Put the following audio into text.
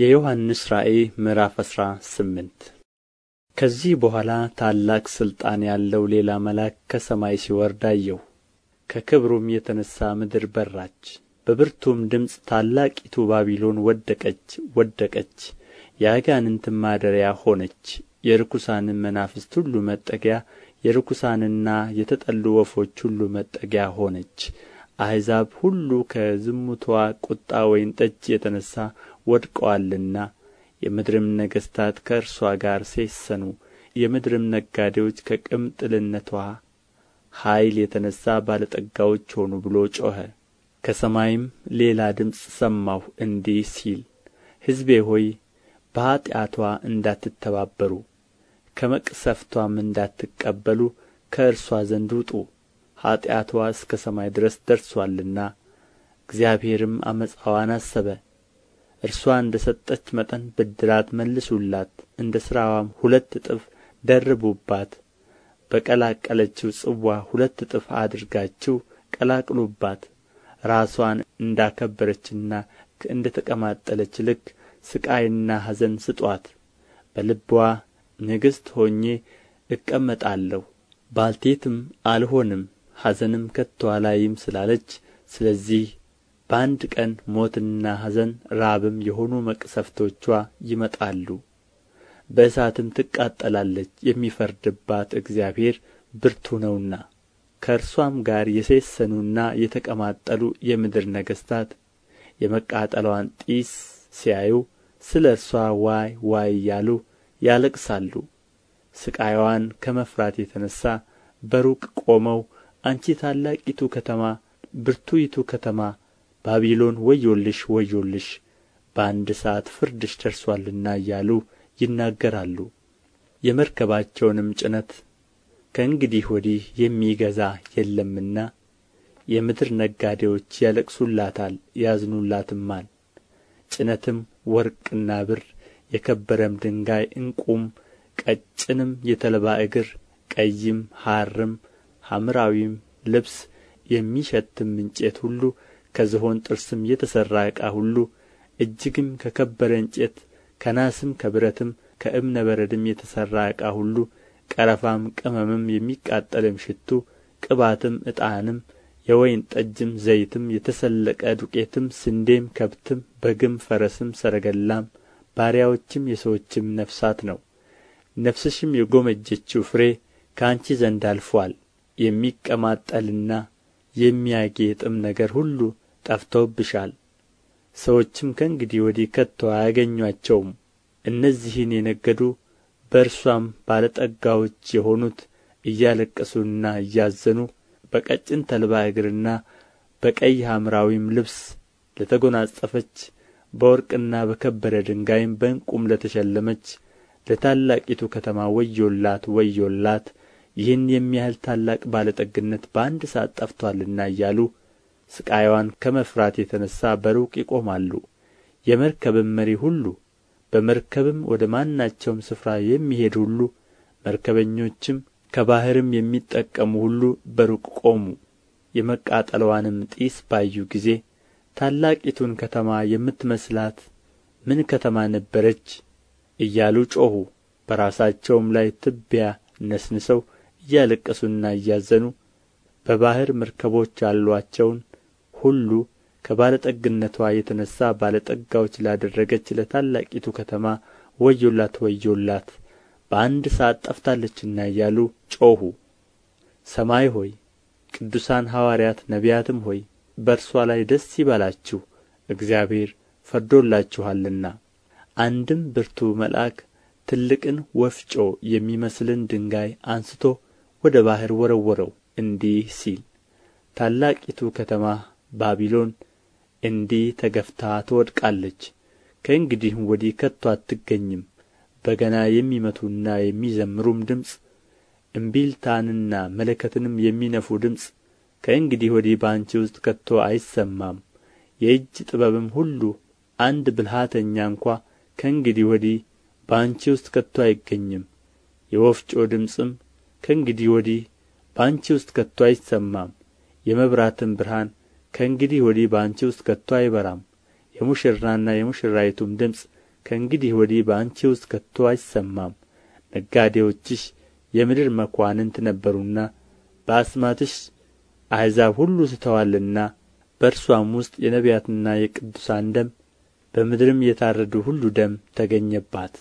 የዮሐንስ ራእይ ምዕራፍ አስራ ስምንት ከዚህ በኋላ ታላቅ ሥልጣን ያለው ሌላ መልአክ ከሰማይ ሲወርድ አየሁ። ከክብሩም የተነሣ ምድር በራች፣ በብርቱም ድምፅ ታላቂቱ ባቢሎን ወደቀች፣ ወደቀች፣ የአጋንንትም ማደሪያ ሆነች፣ የርኩሳንም መናፍስት ሁሉ መጠጊያ፣ የርኩሳንና የተጠሉ ወፎች ሁሉ መጠጊያ ሆነች። አሕዛብ ሁሉ ከዝሙትዋ ቁጣ ወይን ጠጅ የተነሣ ወድቀዋልና የምድርም ነገሥታት ከእርስዋ ጋር ሴሰኑ የምድርም ነጋዴዎች ከቅምጥልነትዋ ኃይል የተነሣ ባለጠጋዎች ሆኑ ብሎ ጮኸ ከሰማይም ሌላ ድምፅ ሰማሁ እንዲህ ሲል ሕዝቤ ሆይ በኃጢአትዋ እንዳትተባበሩ ከመቅሰፍቷም እንዳትቀበሉ ከእርሷ ዘንድ ውጡ ኃጢአትዋ እስከ ሰማይ ድረስ ደርሶአልና እግዚአብሔርም አመፃዋን አሰበ እርስዋ እንደ ሰጠች መጠን ብድራት መልሱላት እንደ ሥራዋም ሁለት እጥፍ ደርቡባት በቀላቀለችው ጽዋ ሁለት እጥፍ አድርጋችሁ ቀላቅሉባት ራስዋን እንዳከበረችና እንደ ተቀማጠለች ልክ ሥቃይና ሐዘን ስጧት። በልብዋ ንግሥት ሆኜ እቀመጣለሁ ባልቴትም አልሆንም ሐዘንም ከቶ አላይም ስላለች ስለዚህ በአንድ ቀን ሞትና ኀዘን ራብም የሆኑ መቅሠፍቶችዋ ይመጣሉ በእሳትም ትቃጠላለች የሚፈርድባት እግዚአብሔር ብርቱ ነውና ከእርሷም ጋር የሴሰኑና የተቀማጠሉ የምድር ነገሥታት የመቃጠሏን ጢስ ሲያዩ ስለ እርሷ ዋይ ዋይ እያሉ ያለቅሳሉ ሥቃይዋን ከመፍራት የተነሣ በሩቅ ቆመው አንቺ ታላቂቱ ከተማ ብርቱይቱ ከተማ ባቢሎን ወዮልሽ ወዮልሽ በአንድ ሰዓት ፍርድሽ ደርሶአልና እያሉ ይናገራሉ የመርከባቸውንም ጭነት ከእንግዲህ ወዲህ የሚገዛ የለምና የምድር ነጋዴዎች ያለቅሱላታል ያዝኑላትማል። ጭነትም ወርቅና ብር፣ የከበረም ድንጋይ፣ ዕንቁም፣ ቀጭንም የተልባ እግር፣ ቀይም ሐርም፣ ሐምራዊም ልብስ፣ የሚሸትም እንጨት ሁሉ ከዝሆን ጥርስም የተሠራ ዕቃ ሁሉ እጅግም ከከበረ እንጨት ከናስም ከብረትም ከዕብነ በረድም የተሠራ ዕቃ ሁሉ ቀረፋም ቅመምም የሚቃጠልም ሽቱ ቅባትም ዕጣንም የወይን ጠጅም ዘይትም የተሰለቀ ዱቄትም ስንዴም ከብትም በግም ፈረስም ሰረገላም ባሪያዎችም የሰዎችም ነፍሳት ነው። ነፍስሽም የጎመጀችው ፍሬ ከአንቺ ዘንድ አልፏል። የሚቀማጠልና የሚያጌጥም ነገር ሁሉ ጠፍቶብሻል። ሰዎችም ከእንግዲህ ወዲህ ከቶ አያገኟቸውም። እነዚህን የነገዱ በእርሷም ባለ ጠጋዎች የሆኑት እያለቀሱና እያዘኑ በቀጭን ተልባ እግርና በቀይ ሐምራዊም ልብስ ለተጐናጸፈች በወርቅና በከበረ ድንጋይም በእንቁም ለተሸለመች ለታላቂቱ ከተማ ወዮላት ወዮላት ይህን የሚያህል ታላቅ ባለ ጠግነት በአንድ ሰዓት ጠፍቶአልና እያሉ ሥቃይዋን ከመፍራት የተነሣ በሩቅ ይቆማሉ የመርከብም መሪ ሁሉ በመርከብም ወደ ማናቸውም ስፍራ የሚሄድ ሁሉ መርከበኞችም ከባሕርም የሚጠቀሙ ሁሉ በሩቅ ቆሙ የመቃጠልዋንም ጢስ ባዩ ጊዜ ታላቂቱን ከተማ የምትመስላት ምን ከተማ ነበረች እያሉ ጮኹ። በራሳቸውም ላይ ትቢያ ነስንሰው እያለቀሱና እያዘኑ በባሕር መርከቦች ያሏቸውን ሁሉ ከባለጠግነትዋ የተነሣ ባለጠጋዎች ላደረገች ለታላቂቱ ከተማ ወዮላት ወዮላት በአንድ ሰዓት ጠፍታለችና እያሉ ጮኹ ሰማይ ሆይ ቅዱሳን ሐዋርያት ነቢያትም ሆይ በእርሷ ላይ ደስ ይበላችሁ እግዚአብሔር ፈርዶላችኋልና አንድም ብርቱ መልአክ ትልቅን ወፍጮ የሚመስልን ድንጋይ አንስቶ ወደ ባሕር ወረወረው እንዲህ ሲል ታላቂቱ ከተማ ባቢሎን እንዲህ ተገፍታ ትወድቃለች ከእንግዲህም ወዲህ ከቶ አትገኝም በገና የሚመቱና የሚዘምሩም ድምፅ እምቢልታንና መለከትንም የሚነፉ ድምፅ ከእንግዲህ ወዲህ በአንቺ ውስጥ ከቶ አይሰማም የእጅ ጥበብም ሁሉ አንድ ብልሃተኛ እንኳ ከእንግዲህ ወዲህ በአንቺ ውስጥ ከቶ አይገኝም የወፍጮ ድምፅም ከእንግዲህ ወዲህ በአንቺ ውስጥ ከቶ አይሰማም የመብራትም ብርሃን ከእንግዲህ ወዲህ በአንቺ ውስጥ ከቶ አይበራም የሙሽራና የሙሽራይቱም ድምፅ ከእንግዲህ ወዲህ በአንቺ ውስጥ ከቶ አይሰማም ነጋዴዎችሽ የምድር መኳንንት ነበሩና በአስማትሽ አሕዛብ ሁሉ ስተዋልና በእርሷም ውስጥ የነቢያትና የቅዱሳን ደም በምድርም የታረዱ ሁሉ ደም ተገኘባት